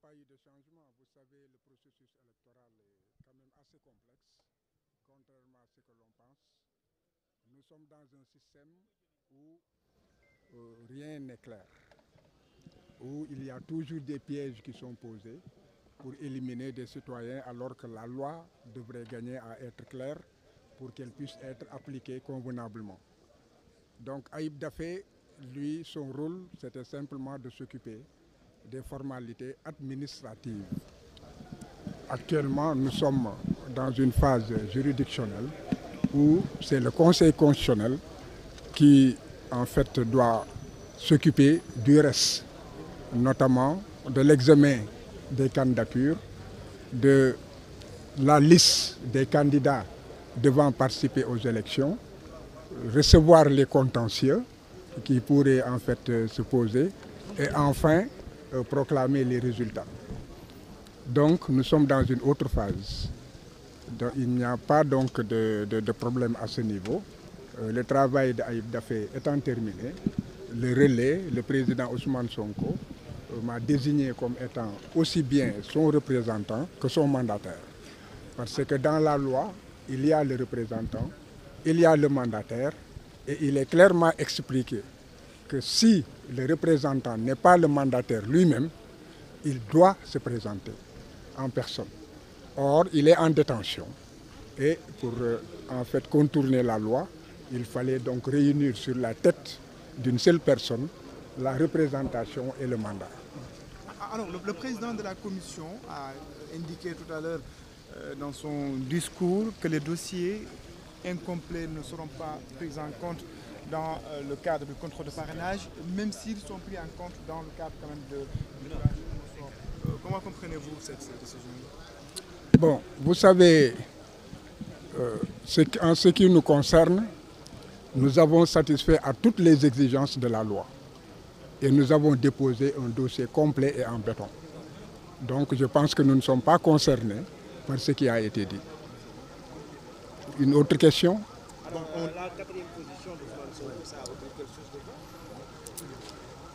pas de changement. Vous savez, le processus électoral est quand même assez complexe, contrairement à ce que l'on pense. Nous sommes dans un système où euh, rien n'est clair, où il y a toujours des pièges qui sont posés pour éliminer des citoyens alors que la loi devrait gagner à être claire pour qu'elle puisse être appliquée convenablement. Donc Aïb Dafé, lui, son rôle, c'était simplement de s'occuper des formalités administratives. Actuellement, nous sommes dans une phase juridictionnelle où c'est le Conseil constitutionnel qui, en fait, doit s'occuper du reste, notamment de l'examen des candidatures, de la liste des candidats devant participer aux élections, recevoir les contentieux qui pourraient en fait se poser et enfin euh, proclamer les résultats. Donc nous sommes dans une autre phase. il n'y a pas donc de, problème à ce niveau. Euh, le travail d'Aïb Dafé étant terminé, le relais, le président Ousmane Sonko euh, m'a désigné comme étant aussi bien son représentant que son mandataire. Parce que dans la loi, il y a le représentant, il y a le mandataire, et il est clairement expliqué que si le représentant n'est pas le mandataire lui-même, il doit se présenter en personne. Or, il est en détention. Et pour euh, en fait contourner la loi, il fallait donc réunir sur la tête d'une seule personne la représentation et le mandat. Alors, le, président de la commission a indiqué tout à l'heure euh, dans son discours que les dossiers incomplets ne seront pas pris en compte dans euh, le cadre du contrôle de parrainage, même s'ils sont pris en compte dans le cadre quand même de... Euh, comment comprenez-vous cette, cette décision Bon, vous savez, euh, en ce qui nous concerne, nous avons satisfait à toutes les exigences de la loi. Et nous avons déposé un dossier complet et en béton. Donc je pense que nous ne sommes pas concernés par ce qui a été dit. Une autre question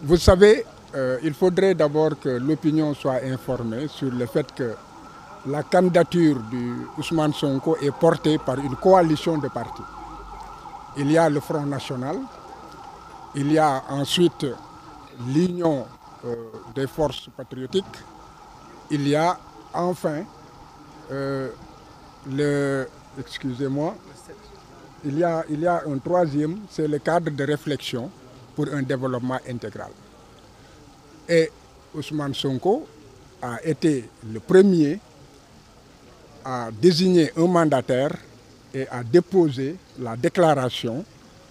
vous savez, euh, il faudrait d'abord que l'opinion soit informée sur le fait que la candidature du Ousmane Sonko est portée par une coalition de partis. Il y a le Front National, il y a ensuite l'Union euh, des forces patriotiques, il y a enfin euh, le, excusez-moi, il y a, il y a un troisième, c'est le cadre de réflexion pour un développement intégral. Et Ousmane Sonko a été le premier à désigner un mandataire et à déposer la déclaration,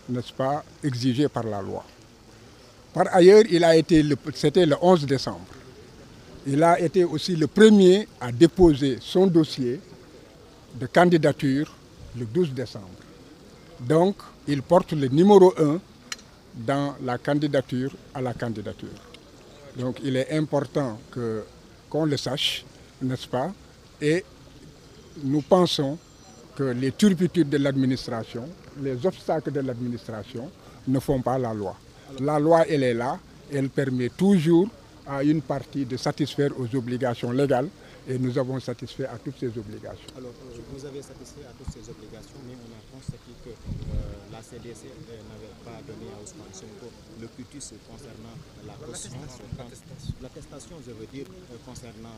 n'est-ce pas, exigée par la loi. Par ailleurs, il a été c'était le 11 décembre. Il a été aussi le premier à déposer son dossier de candidature le 12 décembre. Donc, il porte le numéro 1 dans la candidature à la candidature. Donc, il est important qu'on le sache, n'est-ce pas Et nous pensons que les turpitudes de l'administration, les obstacles de l'administration ne font pas la loi. La loi, elle est là, elle permet toujours à une partie de satisfaire aux obligations légales et nous avons satisfait à toutes ces obligations. Alors, euh, vous avez satisfait à toutes ces obligations, mais on a constaté que euh, la CDC euh, n'avait pas donné à Ousmane Sonko le cutus concernant la L'attestation, je veux dire, concernant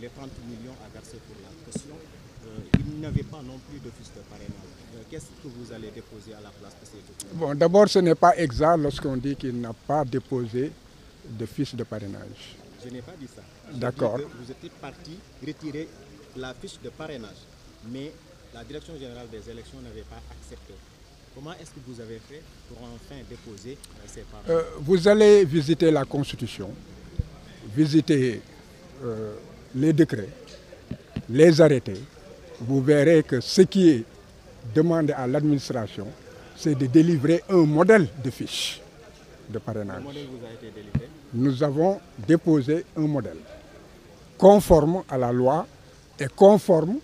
les 30 millions à verser pour la caution. il n'avait pas non plus de fiche de parrainage. Qu'est-ce que vous allez déposer à la place de ces deux? Bon, d'abord, ce n'est pas exact lorsqu'on dit qu'il n'a pas déposé de fiche de parrainage. Je n'ai pas dit ça. D'accord. Vous étiez parti retirer la fiche de parrainage, mais la Direction générale des élections n'avait pas accepté. Comment est-ce que vous avez fait pour enfin déposer euh, ces parrains euh, Vous allez visiter la Constitution, visiter euh, les décrets, les arrêter. Vous verrez que ce qui est demandé à l'administration, c'est de délivrer un modèle de fiche parrainage. Nous avons déposé un modèle conforme à la loi et conforme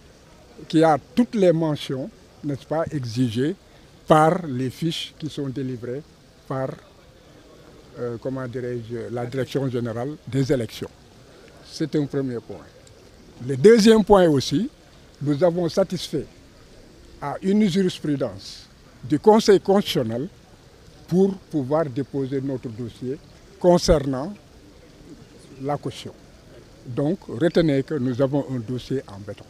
qui a toutes les mentions, n'est-ce pas, exigées par les fiches qui sont délivrées par, euh, comment dirais la direction générale des élections. C'est un premier point. Le deuxième point aussi, nous avons satisfait à une jurisprudence du Conseil constitutionnel pour pouvoir déposer notre dossier concernant la caution. Donc retenez que nous avons un dossier en béton.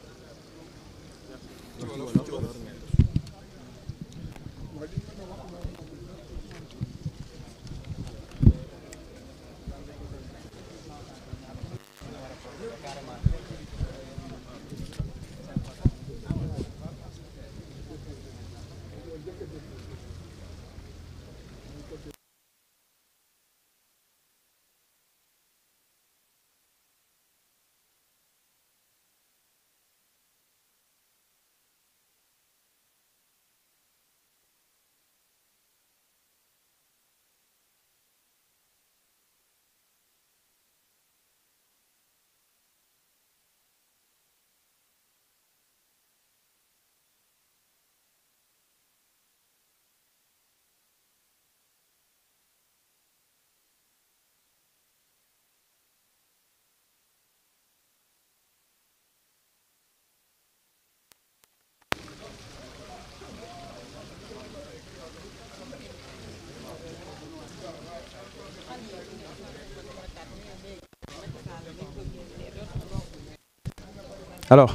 Alors,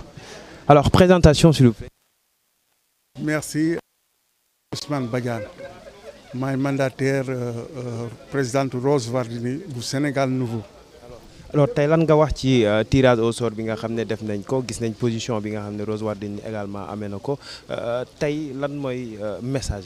alors présentation s'il vous plaît. Merci. Ousmane Bagan, ma mandataire, euh, euh, Rose Wardini du Sénégal Nouveau. alors Thaïlande euh, a au sort position Rose Wardini également message.